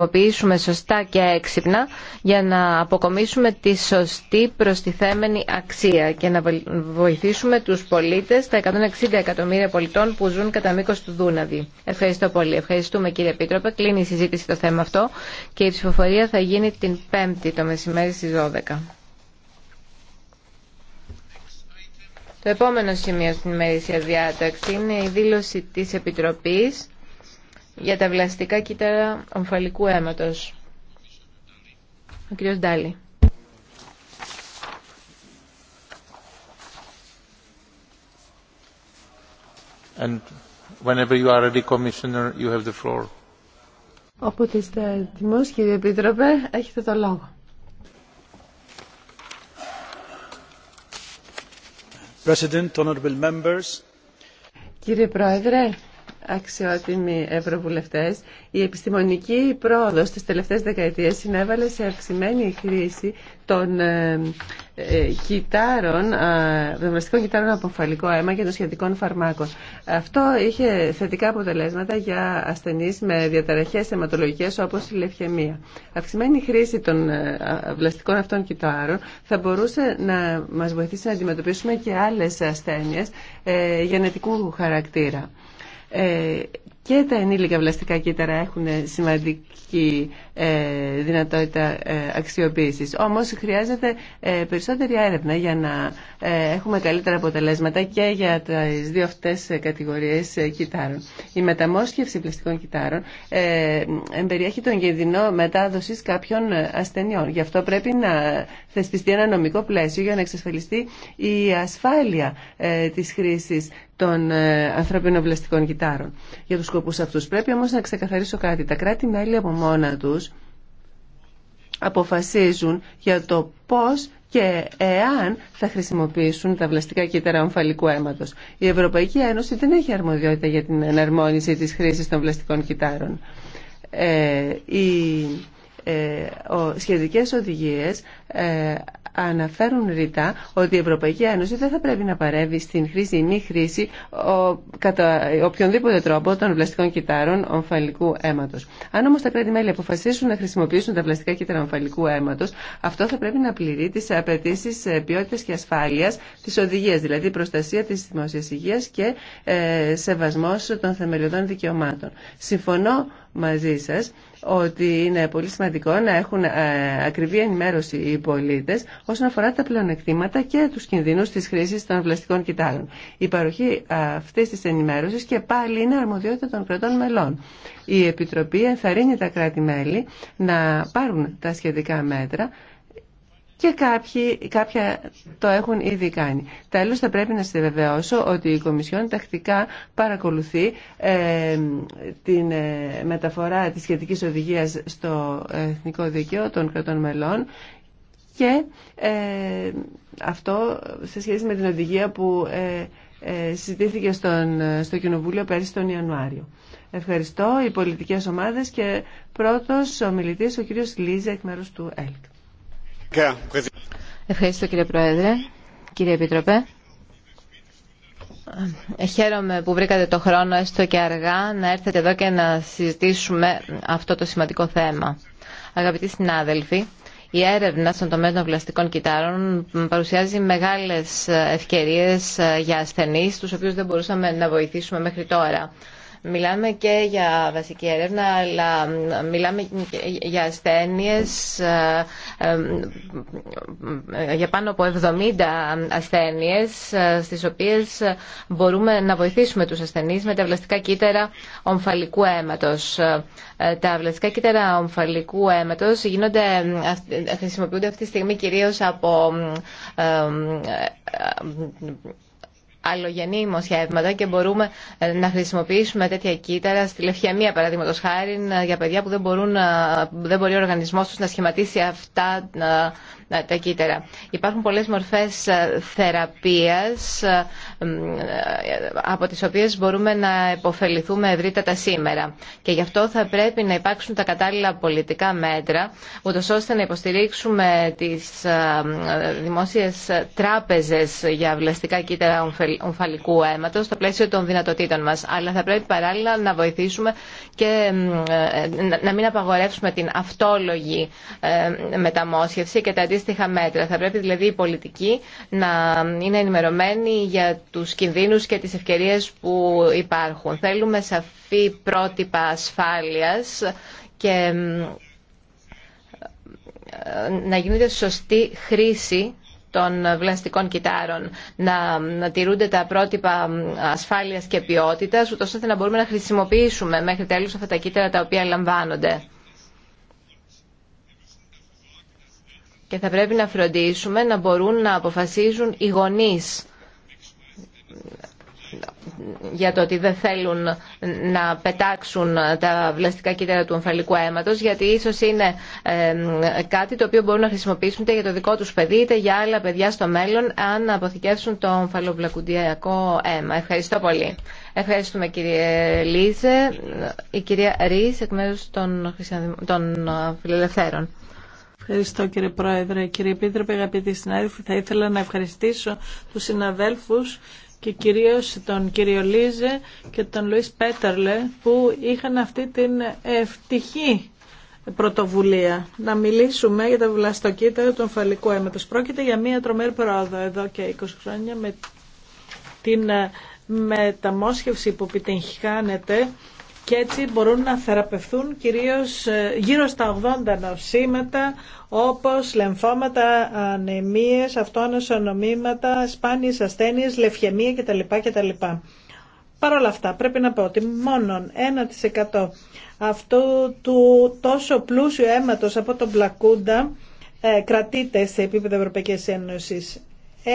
χρησιμοποιήσουμε σωστά και έξυπνα για να αποκομίσουμε τη σωστή προστιθέμενη αξία και να βοηθήσουμε τους πολίτες, τα 160 εκατομμύρια πολιτών που ζουν κατά μήκο του Δούναβη. Ευχαριστώ πολύ. Ευχαριστούμε κύριε Επίτροπε. Κλείνει η συζήτηση το θέμα αυτό και η ψηφοφορία θα γίνει την 5η το μεσημέρι στις 12. Το επόμενο σημείο στην ημερήσια διάταξη είναι η δήλωση της Επιτροπής για τα βλαστικά κύτταρα ομφαλικού αίματος. Ο κύριος Ντάλι. And whenever you are ready, Commissioner, you have the floor. Όποτε είστε έτοιμος, κύριε Επίτροπε, έχετε το λόγο. President, honorable members. Κύριε Πρόεδρε, αξιότιμοι ευρωβουλευτές, η επιστημονική πρόοδος στις τελευταίες δεκαετίες συνέβαλε σε αυξημένη χρήση των ε, ε, κυτάρων, κιτάρων κυτάρων από φαλικό αίμα και των σχετικών φαρμάκων. Αυτό είχε θετικά αποτελέσματα για ασθενείς με διαταραχές αιματολογικές όπως η λευχαιμία. Αυξημένη χρήση των ε, βλαστικών αυτών κυτάρων θα μπορούσε να μας βοηθήσει να αντιμετωπίσουμε και άλλες ασθένειες γενετικού χαρακτήρα. Ε, και τα ενήλικα βλαστικά κύτταρα έχουν σημαντική ε, δυνατότητα ε, αξιοποίησης. Όμως χρειάζεται περισσότερη έρευνα για να έχουμε καλύτερα αποτελέσματα και για τις δύο αυτές κατηγορίες κυτάρων. Η μεταμόσχευση πλαστικών κυτάρων εμπεριέχει τον κινδυνό μετάδοσης κάποιων ασθενειών. Γι' αυτό πρέπει να θεσπιστεί ένα νομικό πλαίσιο για να εξασφαλιστεί η ασφάλεια της χρήσης των ε, ανθρώπινων βλαστικών κιτάρων. Για τους σκοπούς αυτούς πρέπει όμως να ξεκαθαρίσω κάτι. Τα κράτη-μέλη από μόνα τους αποφασίζουν για το πώς και εάν θα χρησιμοποιήσουν τα βλαστικά κύτταρα ομφαλικού αίματος. Η Ευρωπαϊκή Ένωση δεν έχει αρμοδιότητα για την εναρμόνιση της χρήσης των βλαστικών κυτάρων. Ε, ε, σχετικές οδηγίες ε, αναφέρουν ρητά ότι η Ευρωπαϊκή Ένωση δεν θα πρέπει να παρεύει στην χρήση ή μη χρήση ο, κατά οποιονδήποτε τρόπο των βλαστικών κυτάρων ομφαλικού αίματος. Αν όμως τα κράτη-μέλη αποφασίσουν να χρησιμοποιήσουν τα βλαστικά κύτταρα ομφαλικού αίματος, αυτό θα πρέπει να πληρεί τις απαιτήσει ε, ποιότητας και ασφάλειας της οδηγίας, δηλαδή προστασία της δημόσιας υγείας και ε, σεβασμός των θεμελιωδών δικαιωμάτων. Συμφωνώ μαζί σας ότι είναι πολύ σημαντικό να έχουν ε, ακριβή ενημέρωση οι πολίτες όσον αφορά τα πλεονεκτήματα και τους κινδύνους της χρήσης των βλαστικών κοιτάλων. Η παροχή ε, αυτή της ενημέρωσης και πάλι είναι αρμοδιότητα των κρατών μελών. Η Επιτροπή ενθαρρύνει τα κράτη-μέλη να πάρουν τα σχετικά μέτρα και κάποια το έχουν ήδη κάνει. Τέλος θα πρέπει να σε βεβαιώσω ότι η Κομισιόν τακτικά παρακολουθεί ε, την ε, μεταφορά της σχετικής οδηγίας στο Εθνικό Δίκαιο των κρατών μελών και ε, αυτό σε σχέση με την οδηγία που ε, συζητήθηκε στον, στο Κοινοβούλιο πέρυσι τον Ιανουάριο. Ευχαριστώ οι πολιτικές ομάδες και πρώτος ο μιλητής ο κύριος Λίζα εκ του ΕΛΚ. Ευχαριστώ κύριε Πρόεδρε. Κύριε Επίτροπε. Ε, χαίρομαι που βρήκατε το χρόνο έστω και αργά να έρθετε εδώ και να συζητήσουμε αυτό το σημαντικό θέμα. Αγαπητοί συνάδελφοι, η έρευνα στον τομέα των βλαστικών κυτάρων παρουσιάζει μεγάλες ευκαιρίες ε, για ασθενείς, τους οποίους δεν μπορούσαμε να βοηθήσουμε μέχρι τώρα. Μιλάμε και για βασική έρευνα, αλλά μιλάμε για ασθένειες, ε, ε, ε, για πάνω από 70 ασθένειες, στις οποίες μπορούμε να βοηθήσουμε τους ασθενείς με τα βλαστικά κύτταρα ομφαλικού αίματος. Τα βλαστικά κύτταρα ομφαλικού αίματος γίνονται, χρησιμοποιούνται αυτή τη στιγμή κυρίως από αλλογενή δημοσιεύματα και μπορούμε ε, να χρησιμοποιήσουμε τέτοια κύτταρα στη Λευχαιμία, παραδείγματο χάρη, ε, για παιδιά που δεν, μπορούν, ε, δεν μπορεί ο οργανισμό του να σχηματίσει αυτά τα κύτταρα. Υπάρχουν πολλέ μορφέ θεραπεία από τι οποίε μπορούμε να υποφεληθούμε ευρύτατα σήμερα. Και γι' αυτό θα πρέπει να υπάρξουν τα κατάλληλα πολιτικά μέτρα, ούτω ώστε να υποστηρίξουμε τι δημόσιε τράπεζε για βλαστικά κύτταρα ομφαλικού αίματος στο πλαίσιο των δυνατοτήτων μας. Αλλά θα πρέπει παράλληλα να βοηθήσουμε και ε, να μην απαγορεύσουμε την αυτόλογη ε, μεταμόσχευση και τα αντίστοιχα μέτρα. Θα πρέπει δηλαδή η πολιτική να είναι ενημερωμένη για τους κινδύνους και τις ευκαιρίες που υπάρχουν. Θέλουμε σαφή πρότυπα ασφάλειας και ε, να γίνεται σωστή χρήση των βλαστικών κιτάρων, να τηρούνται τα πρότυπα ασφάλειας και ποιότητας, ούτως ώστε να μπορούμε να χρησιμοποιήσουμε μέχρι τέλους αυτά τα κύτταρα τα οποία λαμβάνονται. Και θα πρέπει να φροντίσουμε να μπορούν να αποφασίζουν οι γονείς για το ότι δεν θέλουν να πετάξουν τα βλαστικά κύτταρα του ομφαλικού αίματος γιατί ίσως είναι κάτι το οποίο μπορούν να χρησιμοποιήσουν είτε για το δικό τους παιδί είτε για άλλα παιδιά στο μέλλον αν αποθηκεύσουν το ομφαλοβλακουντιακό αίμα. Ευχαριστώ πολύ. Ευχαριστούμε κύριε Λίζε. Η κυρία Ρή, εκ μέρους των, των φιλελευθέρων. Ευχαριστώ κύριε Πρόεδρε, κύριε Επίτροπε, αγαπητοί συνάδελφοι. Θα ήθελα να ευχαριστήσω του συναδέλφου και κυρίως τον κύριο Λίζε και τον Λουίς Πέτερλε που είχαν αυτή την ευτυχή πρωτοβουλία να μιλήσουμε για τα βλαστοκύτταρα του ομφαλικού αίματος. Πρόκειται για μια τρομερή πρόοδο εδώ και 20 χρόνια με την ε, μεταμόσχευση που επιτυγχάνεται και έτσι μπορούν να θεραπευθούν κυρίως ε, γύρω στα 80 νοσήματα όπως λεμφώματα, ανεμίες, αυτόνες ονομήματα, σπάνιες ασθένειες, λευχαιμία κτλ. κτλ. Παρ' όλα αυτά πρέπει να πω ότι μόνο 1% αυτού του τόσο πλούσιου αίματος από τον Πλακούντα ε, κρατείται σε επίπεδο Ευρωπαϊκής Ένωσης. 1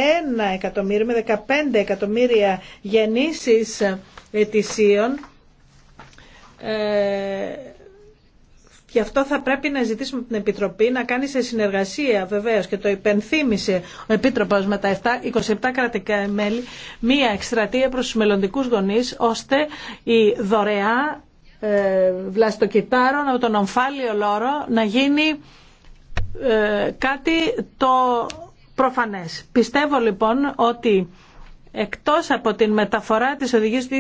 εκατομμύριο με 15 εκατομμύρια γεννήσεις ε, ετησίων ε, γι' αυτό θα πρέπει να ζητήσουμε την Επιτροπή να κάνει σε συνεργασία βεβαίως και το υπενθύμησε ο Επίτροπος με τα 27 κρατικά μέλη μία εκστρατεία προς τους μελλοντικούς γονείς ώστε η δωρεά ε, βλαστοκυτάρων από τον ομφάλιο λόρο να γίνει ε, κάτι το προφανές. Πιστεύω λοιπόν ότι εκτός από την μεταφορά της οδηγίας του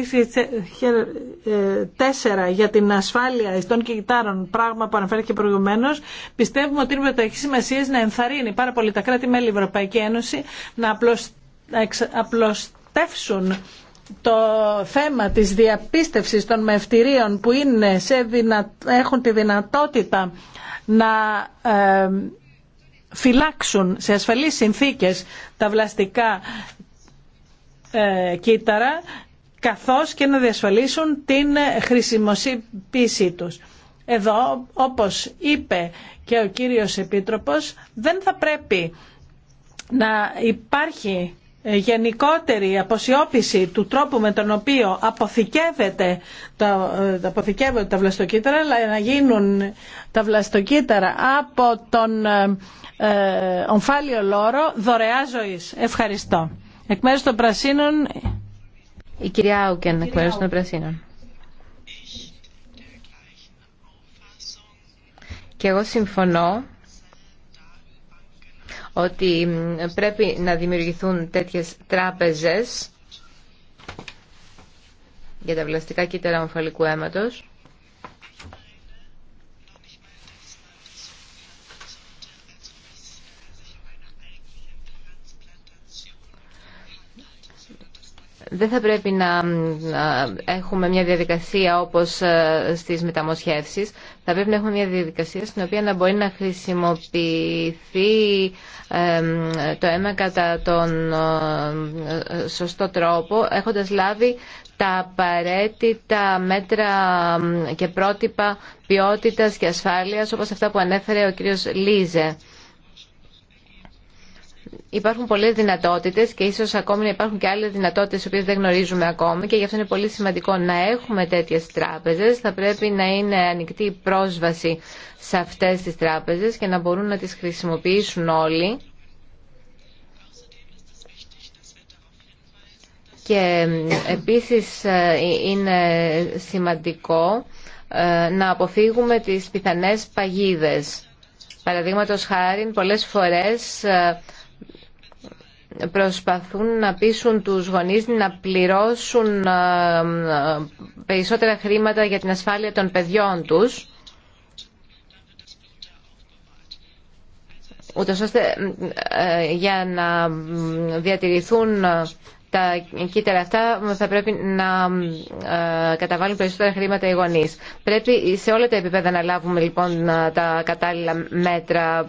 2004 για την ασφάλεια ιστών και κιτάρων, πράγμα που αναφέρθηκε προηγουμένως, πιστεύουμε ότι είναι έχει σημασία να ενθαρρύνει πάρα πολύ τα κράτη-μέλη Ευρωπαϊκή Ένωση να απλωστεύσουν το θέμα της διαπίστευσης των μευτηρίων που είναι σε δυνα... έχουν τη δυνατότητα να ε, φυλάξουν σε ασφαλείς συνθήκες τα βλαστικά ε, κύτταρα καθώς και να διασφαλίσουν την χρησιμοσύπησή τους. Εδώ, όπως είπε και ο κύριος Επίτροπος, δεν θα πρέπει να υπάρχει γενικότερη αποσιώπηση του τρόπου με τον οποίο αποθηκεύεται τα, ε, αποθηκεύονται τα βλαστοκύτταρα αλλά να γίνουν τα βλαστοκύτταρα από τον ε, ομφάλιο λόρο δωρεά ζωής. Ευχαριστώ. Εκ μέρου των Πρασίνων... Η κυρία Άουκεν, εκ μέρου των Πρασίνων. Και εγώ συμφωνώ ότι πρέπει να δημιουργηθούν τέτοιες τράπεζες για τα βλαστικά κύτταρα ομφαλικού αίματος δεν θα πρέπει να έχουμε μια διαδικασία όπως ε, στις μεταμοσχεύσεις. Θα πρέπει να έχουμε μια διαδικασία στην οποία να μπορεί να χρησιμοποιηθεί το αίμα κατά τον ε, ε, σωστό τρόπο, έχοντας λάβει τα απαραίτητα μέτρα και πρότυπα ποιότητας και ασφάλειας, όπως αυτά που ανέφερε ο κύριος Λίζε. Υπάρχουν πολλέ δυνατότητε και ίσω ακόμη να υπάρχουν και άλλε δυνατότητε τι οποίε δεν γνωρίζουμε ακόμη και γι' αυτό είναι πολύ σημαντικό να έχουμε τέτοιε τράπεζε. Θα πρέπει να είναι ανοιχτή η πρόσβαση σε αυτέ τι τράπεζε και να μπορούν να τι χρησιμοποιήσουν όλοι. Και ε, επίσης ε, είναι σημαντικό ε, να αποφύγουμε τις πιθανές παγίδες. Παραδείγματος χάρη, πολλές φορές προσπαθούν να πείσουν τους γονείς να πληρώσουν ε, ε, περισσότερα χρήματα για την ασφάλεια των παιδιών τους ούτως ώστε ε, για να διατηρηθούν τα κύτταρα αυτά θα πρέπει να καταβάλουν περισσότερα χρήματα οι γονείς. Πρέπει σε όλα τα επίπεδα να λάβουμε λοιπόν τα κατάλληλα μέτρα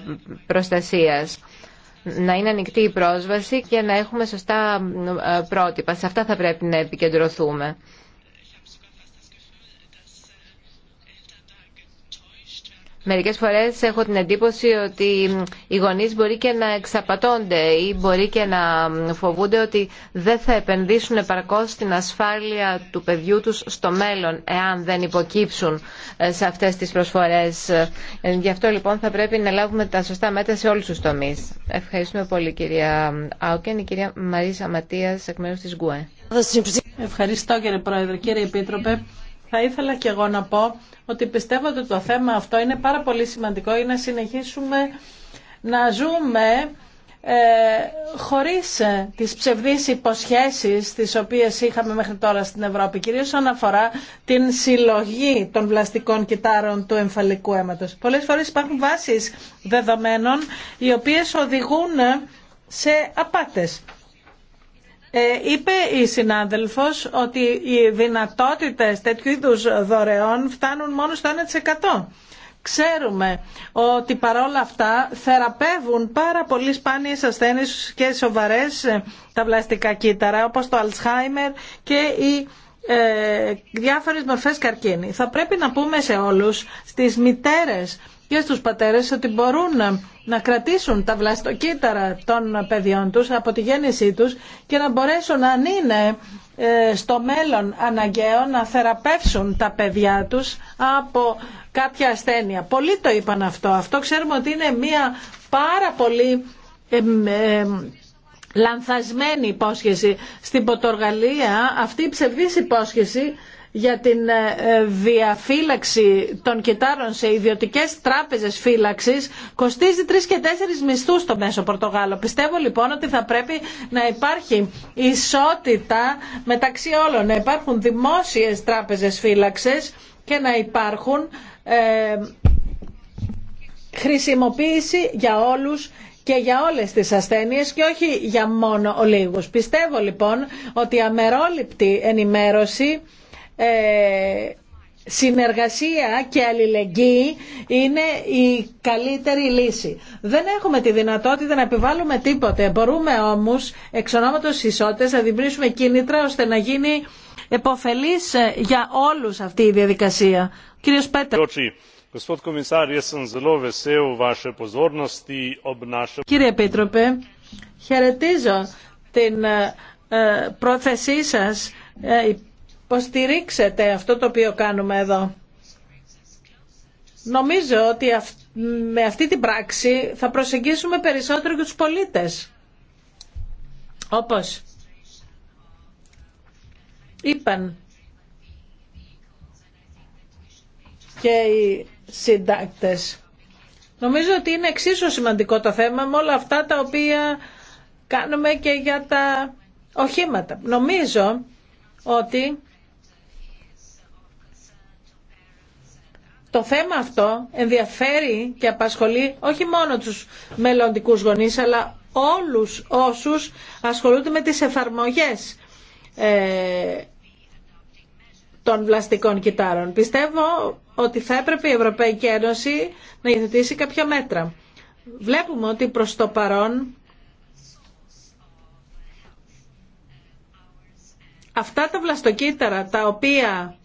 προστασίας να είναι ανοιχτή η πρόσβαση και να έχουμε σωστά ε, πρότυπα. Σε αυτά θα πρέπει να επικεντρωθούμε. Μερικές φορές έχω την εντύπωση ότι οι γονείς μπορεί και να εξαπατώνται ή μπορεί και να φοβούνται ότι δεν θα επενδύσουν επαρκώς στην ασφάλεια του παιδιού τους στο μέλλον εάν δεν υποκύψουν ε, σε αυτές τις προσφορές. Ε, γι' αυτό λοιπόν θα πρέπει να λάβουμε τα σωστά μέτρα σε όλους τους τομείς. Ευχαριστούμε πολύ κυρία Άουκεν. Η κυρία Μαρίσα Ματίας εκ μέρους της ΓΚΟΕ. Ευχαριστώ κύριε Πρόεδρε. Κύριε Επίτροπε, θα ήθελα και εγώ να πω ότι πιστεύω ότι το θέμα αυτό είναι πάρα πολύ σημαντικό για να συνεχίσουμε να ζούμε ε, χωρίς ε, τις ψευδείς υποσχέσεις τις οποίες είχαμε μέχρι τώρα στην Ευρώπη, κυρίως όσον αφορά την συλλογή των βλαστικών κιτάρων του εμφαλικού αίματος. Πολλές φορές υπάρχουν βάσεις δεδομένων οι οποίες οδηγούν σε απάτες. Ε, είπε η συνάδελφος ότι οι δυνατότητες τέτοιου είδους δωρεών φτάνουν μόνο στο 1%. Ξέρουμε ότι παρόλα αυτά θεραπεύουν πάρα πολύ σπάνιες ασθένειες και σοβαρές ε, τα βλαστικά κύτταρα όπως το Αλσχάιμερ και οι ε, διάφορες μορφές καρκίνη. Θα πρέπει να πούμε σε όλους, στις μητέρες και στους πατέρες ότι μπορούν να κρατήσουν τα βλαστοκύτταρα των παιδιών τους από τη γέννησή τους και να μπορέσουν αν είναι ε, στο μέλλον αναγκαίο να θεραπεύσουν τα παιδιά τους από κάποια ασθένεια. Πολλοί το είπαν αυτό. Αυτό ξέρουμε ότι είναι μια πάρα πολύ λανθασμένη υπόσχεση. Στην ποτοργαλία αυτή η ψευδής υπόσχεση για την ε, ε, διαφύλαξη των κιτάρων σε ιδιωτικές τράπεζες φύλαξης κοστίζει 3 και 4 μισθούς στο μέσο Πορτογάλο. Πιστεύω λοιπόν ότι θα πρέπει να υπάρχει ισότητα μεταξύ όλων, να υπάρχουν δημόσιες τράπεζες φύλαξης και να υπάρχουν ε, χρησιμοποίηση για όλους και για όλες τις ασθένειες και όχι για μόνο ολίγους. Πιστεύω λοιπόν ότι η αμερόληπτη ενημέρωση ε, συνεργασία και αλληλεγγύη είναι η καλύτερη λύση. Δεν έχουμε τη δυνατότητα να επιβάλλουμε τίποτε. Μπορούμε όμως εξ ονόματος ισότητας να δημιουργήσουμε κίνητρα ώστε να γίνει επωφελής ε, για όλους αυτή η διαδικασία. Κύριος Πέτρα. Κύριε Επίτροπε, χαιρετίζω την ε, πρόθεσή σας υποστηρίξετε αυτό το οποίο κάνουμε εδώ. Νομίζω ότι με αυτή την πράξη θα προσεγγίσουμε περισσότερο και τους πολίτες. Όπως είπαν και οι συντάκτες. Νομίζω ότι είναι εξίσου σημαντικό το θέμα με όλα αυτά τα οποία κάνουμε και για τα οχήματα. Νομίζω ότι το θέμα αυτό ενδιαφέρει και απασχολεί όχι μόνο τους μελλοντικούς γονείς αλλά όλους όσους ασχολούνται με τις εφαρμογές ε, των βλαστικών κιτάρων. Πιστεύω ότι θα έπρεπε η Ευρωπαϊκή Ένωση να υιοθετήσει κάποια μέτρα. Βλέπουμε ότι προς το παρόν αυτά τα βλαστοκύτταρα τα οποία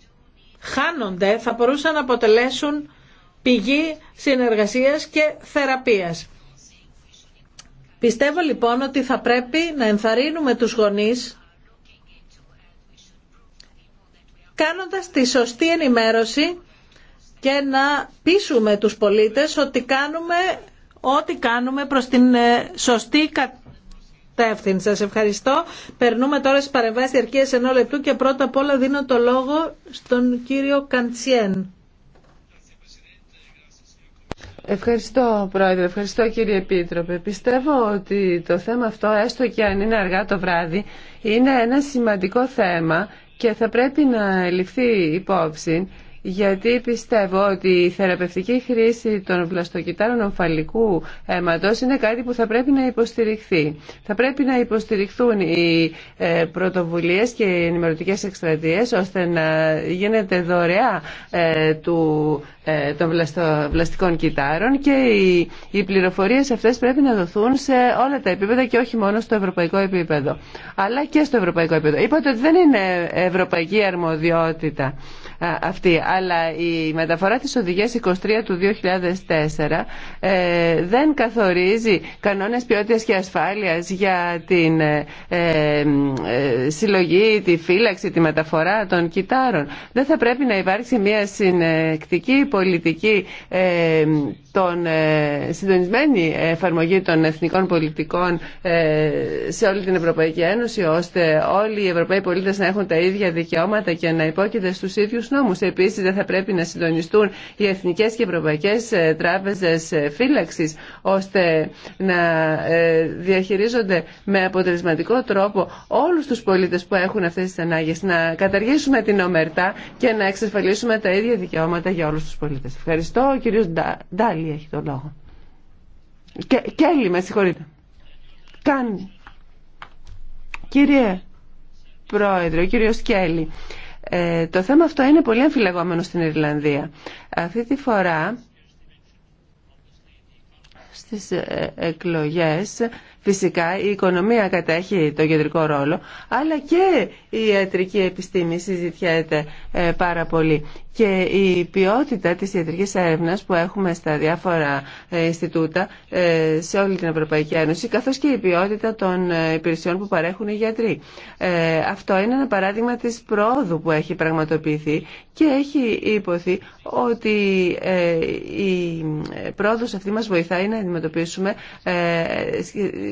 χάνονται θα μπορούσαν να αποτελέσουν πηγή συνεργασίας και θεραπείας. Πιστεύω λοιπόν ότι θα πρέπει να ενθαρρύνουμε τους γονείς κάνοντας τη σωστή ενημέρωση και να πείσουμε τους πολίτες ότι κάνουμε ό,τι κάνουμε προς την ε, σωστή κατεύθυνση. Σας ευχαριστώ. Περνούμε τώρα στις παρεμβάσεις διαρκείας ενό λεπτού και πρώτα απ' όλα δίνω το λόγο στον κύριο Καντσιέν. Ευχαριστώ Πρόεδρε, ευχαριστώ κύριε Επίτροπε. Πιστεύω ότι το θέμα αυτό, έστω και αν είναι αργά το βράδυ, είναι ένα σημαντικό θέμα και θα πρέπει να ληφθεί υπόψη γιατί πιστεύω ότι η θεραπευτική χρήση των βλαστοκυτάρων ομφαλικού αίματος είναι κάτι που θα πρέπει να υποστηριχθεί. Θα πρέπει να υποστηριχθούν οι ε, πρωτοβουλίες και οι ενημερωτικές εκστρατείες ώστε να γίνεται δωρεά ε, του, ε, των βλαστικών κυτάρων και οι, οι πληροφορίες αυτές πρέπει να δοθούν σε όλα τα επίπεδα και όχι μόνο στο ευρωπαϊκό επίπεδο αλλά και στο ευρωπαϊκό επίπεδο. Είπατε ότι δεν είναι ευρωπαϊκή αρμοδιότητα αυτή. Αλλά η μεταφορά της οδηγίας 23 του 2004 ε, δεν καθορίζει κανόνες ποιότητας και ασφάλειας για την ε, ε, συλλογή, τη φύλαξη, τη μεταφορά των κιτάρων. Δεν θα πρέπει να υπάρξει μια συνεκτική πολιτική των συντονισμένη εφαρμογή των εθνικών πολιτικών σε όλη την Ευρωπαϊκή Ένωση ώστε όλοι οι Ευρωπαίοι πολίτες να έχουν τα ίδια δικαιώματα και να υπόκειται στους ίδιους τους νόμους. Επίσης δεν θα πρέπει να συντονιστούν οι εθνικές και ευρωπαϊκές ε, τράπεζες ε, φύλαξης ώστε να ε, διαχειρίζονται με αποτελεσματικό τρόπο όλους τους πολίτες που έχουν αυτές τις ανάγκες. Να καταργήσουμε την ομερτά και να εξασφαλίσουμε τα ίδια δικαιώματα για όλους τους πολίτες. Ευχαριστώ. Ο κύριος Ντάλι έχει τον λόγο. Κέλλη, με συγχωρείτε. Κάνει. Κύριε Πρόεδρε, ο κύριος Κέλλη. Ε, το θέμα αυτό είναι πολύ αμφιλεγόμενο στην Ιρλανδία. Αυτή τη φορά στις ε, εκλογές Φυσικά η οικονομία κατέχει το κεντρικό ρόλο, αλλά και η ιατρική επιστήμη συζητιέται ε, πάρα πολύ. Και η ποιότητα της ιατρικής έρευνας που έχουμε στα διάφορα ε, Ινστιτούτα ε, σε όλη την Ευρωπαϊκή Ένωση, καθώς και η ποιότητα των υπηρεσιών που παρέχουν οι γιατροί. Αυτό είναι ένα παράδειγμα της πρόοδου που έχει πραγματοποιηθεί και έχει υποθεί ότι η πρόοδος αυτή μας βοηθάει να αντιμετωπίσουμε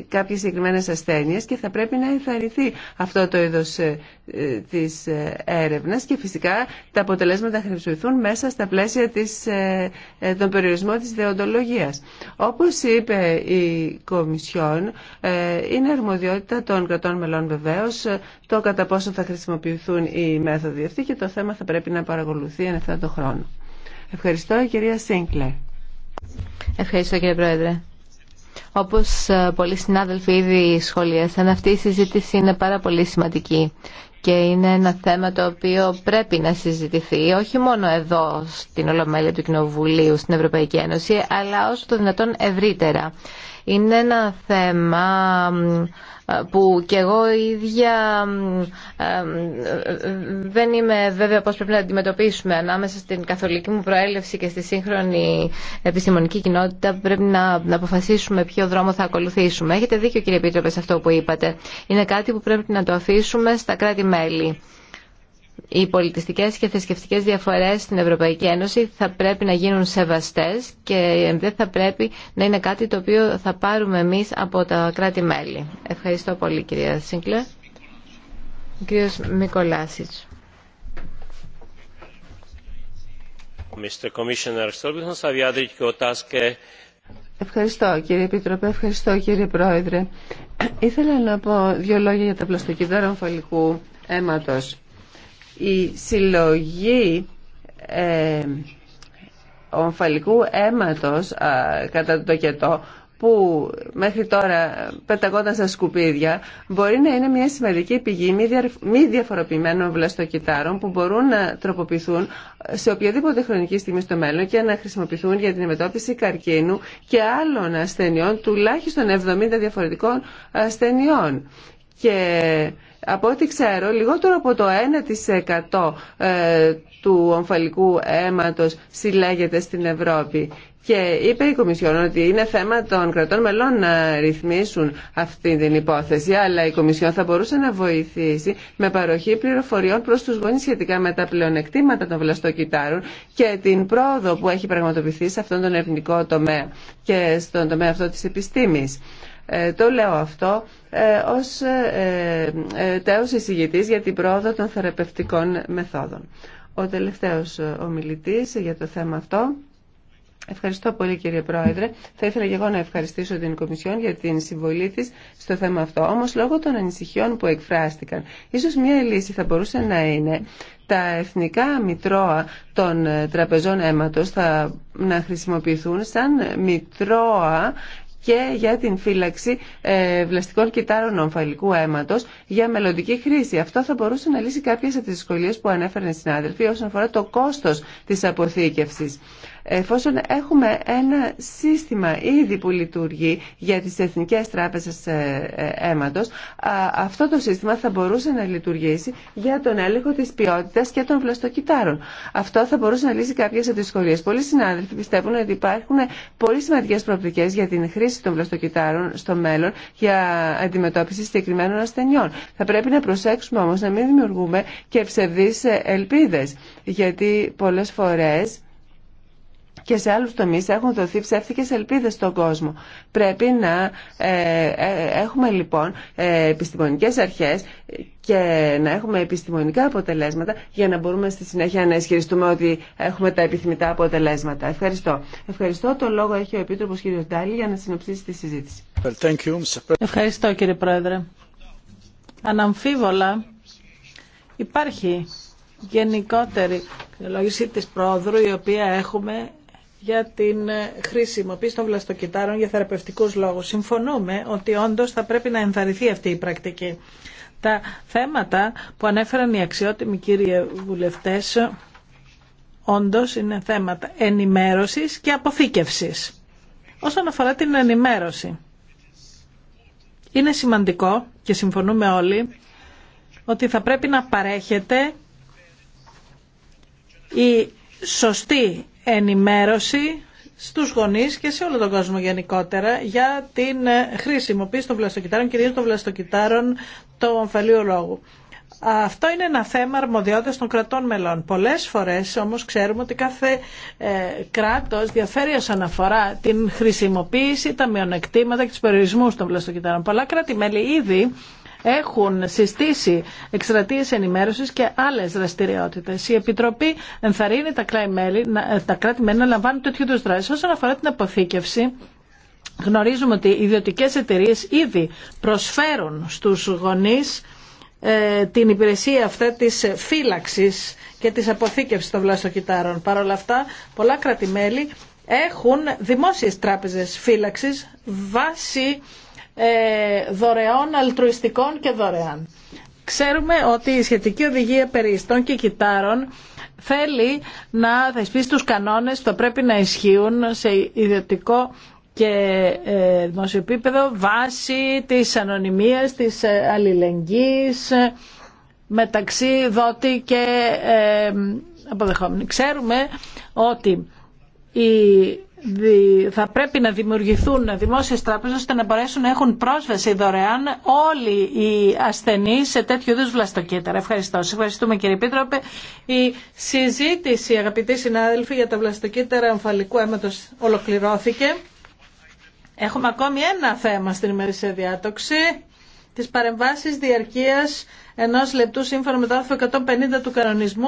κάποιες συγκεκριμένες ασθένειες και θα πρέπει να ενθαρρυνθεί αυτό το είδος ε, ε, της ε, έρευνας και φυσικά τα αποτελέσματα θα χρησιμοποιηθούν μέσα στα πλαίσια της, των περιορισμών της δεοντολογίας. Όπως είπε η Κομισιόν, είναι αρμοδιότητα των κρατών μελών βεβαίως το κατά πόσο θα χρησιμοποιηθούν οι μέθοδοι αυτοί και το θέμα θα πρέπει να παρακολουθεί εν χρόνο. Ευχαριστώ, κυρία Σίνκλερ. Ευχαριστώ, κύριε Πρόεδρε. Όπως ε, πολλοί συνάδελφοι ήδη σχολίασαν, αυτή η συζήτηση είναι πάρα πολύ σημαντική και είναι ένα θέμα το οποίο πρέπει να συζητηθεί όχι μόνο εδώ στην Ολομέλεια του Κοινοβουλίου στην Ευρωπαϊκή Ένωση αλλά όσο το δυνατόν ευρύτερα. Είναι ένα θέμα που και εγώ ίδια ε, δεν είμαι βέβαια πώς πρέπει να αντιμετωπίσουμε ανάμεσα στην καθολική μου προέλευση και στη σύγχρονη επιστημονική κοινότητα πρέπει να, να αποφασίσουμε ποιο δρόμο θα ακολουθήσουμε. Έχετε δίκιο κύριε Επίτροπε σε αυτό που είπατε. Είναι κάτι που πρέπει να το αφήσουμε στα κράτη-μέλη οι πολιτιστικές και θρησκευτικέ διαφορές στην Ευρωπαϊκή Ένωση θα πρέπει να γίνουν σεβαστές και δεν θα πρέπει να είναι κάτι το οποίο θα πάρουμε εμείς από τα κράτη-μέλη. Ευχαριστώ πολύ κυρία Σίγκλερ. κύριος Μικολάσιτς. Ευχαριστώ κύριε Επίτροπε, ευχαριστώ κύριε Πρόεδρε. Ήθελα να πω δύο λόγια για τα πλαστοκυδάρα αμφαλικού αίματος. Η συλλογή ε, ομφαλικού αίματος κατά το τοκετό που μέχρι τώρα πεταγόταν στα σκουπίδια μπορεί να είναι μια σημαντική πηγή μη διαφοροποιημένων βλαστοκυτάρων που μπορούν να τροποποιηθούν σε οποιαδήποτε χρονική στιγμή στο μέλλον και να χρησιμοποιηθούν για την μετώπιση καρκίνου και άλλων ασθενειών, τουλάχιστον 70 διαφορετικών ασθενειών και από ό,τι ξέρω λιγότερο από το 1% ε, του ομφαλικού αίματος συλλέγεται στην Ευρώπη. Και είπε η Κομισιόν ότι είναι θέμα των κρατών μελών να ρυθμίσουν αυτή την υπόθεση, αλλά η Κομισιόν θα μπορούσε να βοηθήσει με παροχή πληροφοριών προς τους γονείς σχετικά με τα πλεονεκτήματα των βλαστοκυτάρων και την πρόοδο που έχει πραγματοποιηθεί σε αυτόν τον ερευνητικό τομέα και στον τομέα αυτό της επιστήμης. Ε, το λέω αυτό ε, ως ε, τέος εισηγητής για την πρόοδο των θεραπευτικών μεθόδων. Ο τελευταίος ομιλητής για το θέμα αυτό. Ευχαριστώ πολύ κύριε Πρόεδρε. Θα ήθελα και εγώ να ευχαριστήσω την Κομισιόν για την συμβολή της στο θέμα αυτό. Όμως λόγω των ανησυχιών που εκφράστηκαν, ίσως μια λύση θα μπορούσε να είναι τα εθνικά μητρώα των τραπεζών αίματος θα να χρησιμοποιηθούν σαν μητρώα και για την φύλαξη ε, βλαστικών κυτάρων ομφαλικού αίματος για μελλοντική χρήση. Αυτό θα μπορούσε να λύσει κάποιες από τις δυσκολίες που ανέφεραν οι συνάδελφοι όσον αφορά το κόστος της αποθήκευσης. Εφόσον έχουμε ένα σύστημα ήδη που λειτουργεί για τις εθνικές τράπεζες ε, ε, αίματος, αυτό το σύστημα θα μπορούσε να λειτουργήσει για τον έλεγχο της ποιότητας και των βλαστοκυτάρων. Αυτό θα μπορούσε να λύσει κάποιες δυσκολίες. Πολλοί συνάδελφοι πιστεύουν ότι υπάρχουν πολύ σημαντικές προοπτικές για την χρήση των βλαστοκυτάρων στο μέλλον για αντιμετώπιση συγκεκριμένων ασθενειών. Θα πρέπει να προσέξουμε όμως να μην δημιουργούμε και ψευδείς ε, ελπίδες, γιατί πολλές φορές και σε άλλους τομείς έχουν δοθεί ψεύτικες ελπίδες στον κόσμο. Πρέπει να ε, ε, έχουμε λοιπόν ε, επιστημονικές αρχές και να έχουμε επιστημονικά αποτελέσματα για να μπορούμε στη συνέχεια να ισχυριστούμε ότι έχουμε τα επιθυμητά αποτελέσματα. Ευχαριστώ. Ευχαριστώ. Το λόγο έχει ο Επίτροπος κ. Ντάλη για να συνοψίσει τη συζήτηση. Ευχαριστώ κ. Πρόεδρε. Αναμφίβολα υπάρχει γενικότερη λόγηση της πρόοδρου η οποία έχουμε για την ε, χρησιμοποίηση των βλαστοκυτάρων για θεραπευτικούς λόγους. Συμφωνούμε ότι όντως θα πρέπει να ενθαρρυνθεί αυτή η πρακτική. Τα θέματα που ανέφεραν οι αξιότιμοι κύριοι βουλευτές όντως είναι θέματα ενημέρωσης και αποθήκευσης. Όσον αφορά την ενημέρωση, είναι σημαντικό και συμφωνούμε όλοι ότι θα πρέπει να παρέχεται η σωστή ενημέρωση στους γονείς και σε όλο τον κόσμο γενικότερα για την ε, χρησιμοποίηση των βλαστοκυτάρων, κυρίως των βλαστοκυτάρων του ομφαλίου λόγου. Αυτό είναι ένα θέμα αρμοδιότητας των κρατών μελών. Πολλές φορές όμως ξέρουμε ότι κάθε ε, κράτος διαφέρει ως αναφορά την χρησιμοποίηση, τα μειονεκτήματα και τους περιορισμούς των βλαστοκυτάρων. Πολλά κράτη-μέλη ήδη έχουν συστήσει εκστρατείε ενημέρωση και άλλε δραστηριότητε. Η Επιτροπή ενθαρρύνει ε, τα κράτη-μέλη να λαμβάνουν τέτοιου του δράσει. όσον αφορά την αποθήκευση. Γνωρίζουμε ότι οι ιδιωτικές εταιρείες ήδη προσφέρουν στου γονεί ε, την υπηρεσία αυτή της φύλαξης και της αποθήκευσης των βλαστοκυτάρων. Παρ' όλα αυτά, πολλά κράτη-μέλη έχουν δημόσιες τράπεζες φύλαξης βάσει ε, δωρεών, αλτρουιστικών και δωρεάν. Ξέρουμε ότι η σχετική οδηγία περιστών και κιτάρων θέλει να θεσπίσει τους κανόνες που θα πρέπει να ισχύουν σε ιδιωτικό και ε, δημοσιοπίπεδο βάση βάσει της ανωνυμίας, της ε, αλληλεγγύης μεταξύ δότη και αποδεχόμενη. Ξέρουμε ότι η θα πρέπει να δημιουργηθούν δημόσιες τράπεζες ώστε να μπορέσουν να έχουν πρόσβαση δωρεάν όλοι οι ασθενείς σε τέτοιου είδους βλαστοκύτταρα. Ευχαριστώ. Σας ευχαριστούμε κύριε Πίτροπε. Η συζήτηση αγαπητοί συνάδελφοι για τα βλαστοκύτταρα εμφαλικού αίματος ολοκληρώθηκε. Έχουμε ακόμη ένα θέμα στην ημερήσια διάτοξη. Τις παρεμβάσεις διαρκείας ενός λεπτού σύμφωνα με το άρθρο 150 του κανονισμού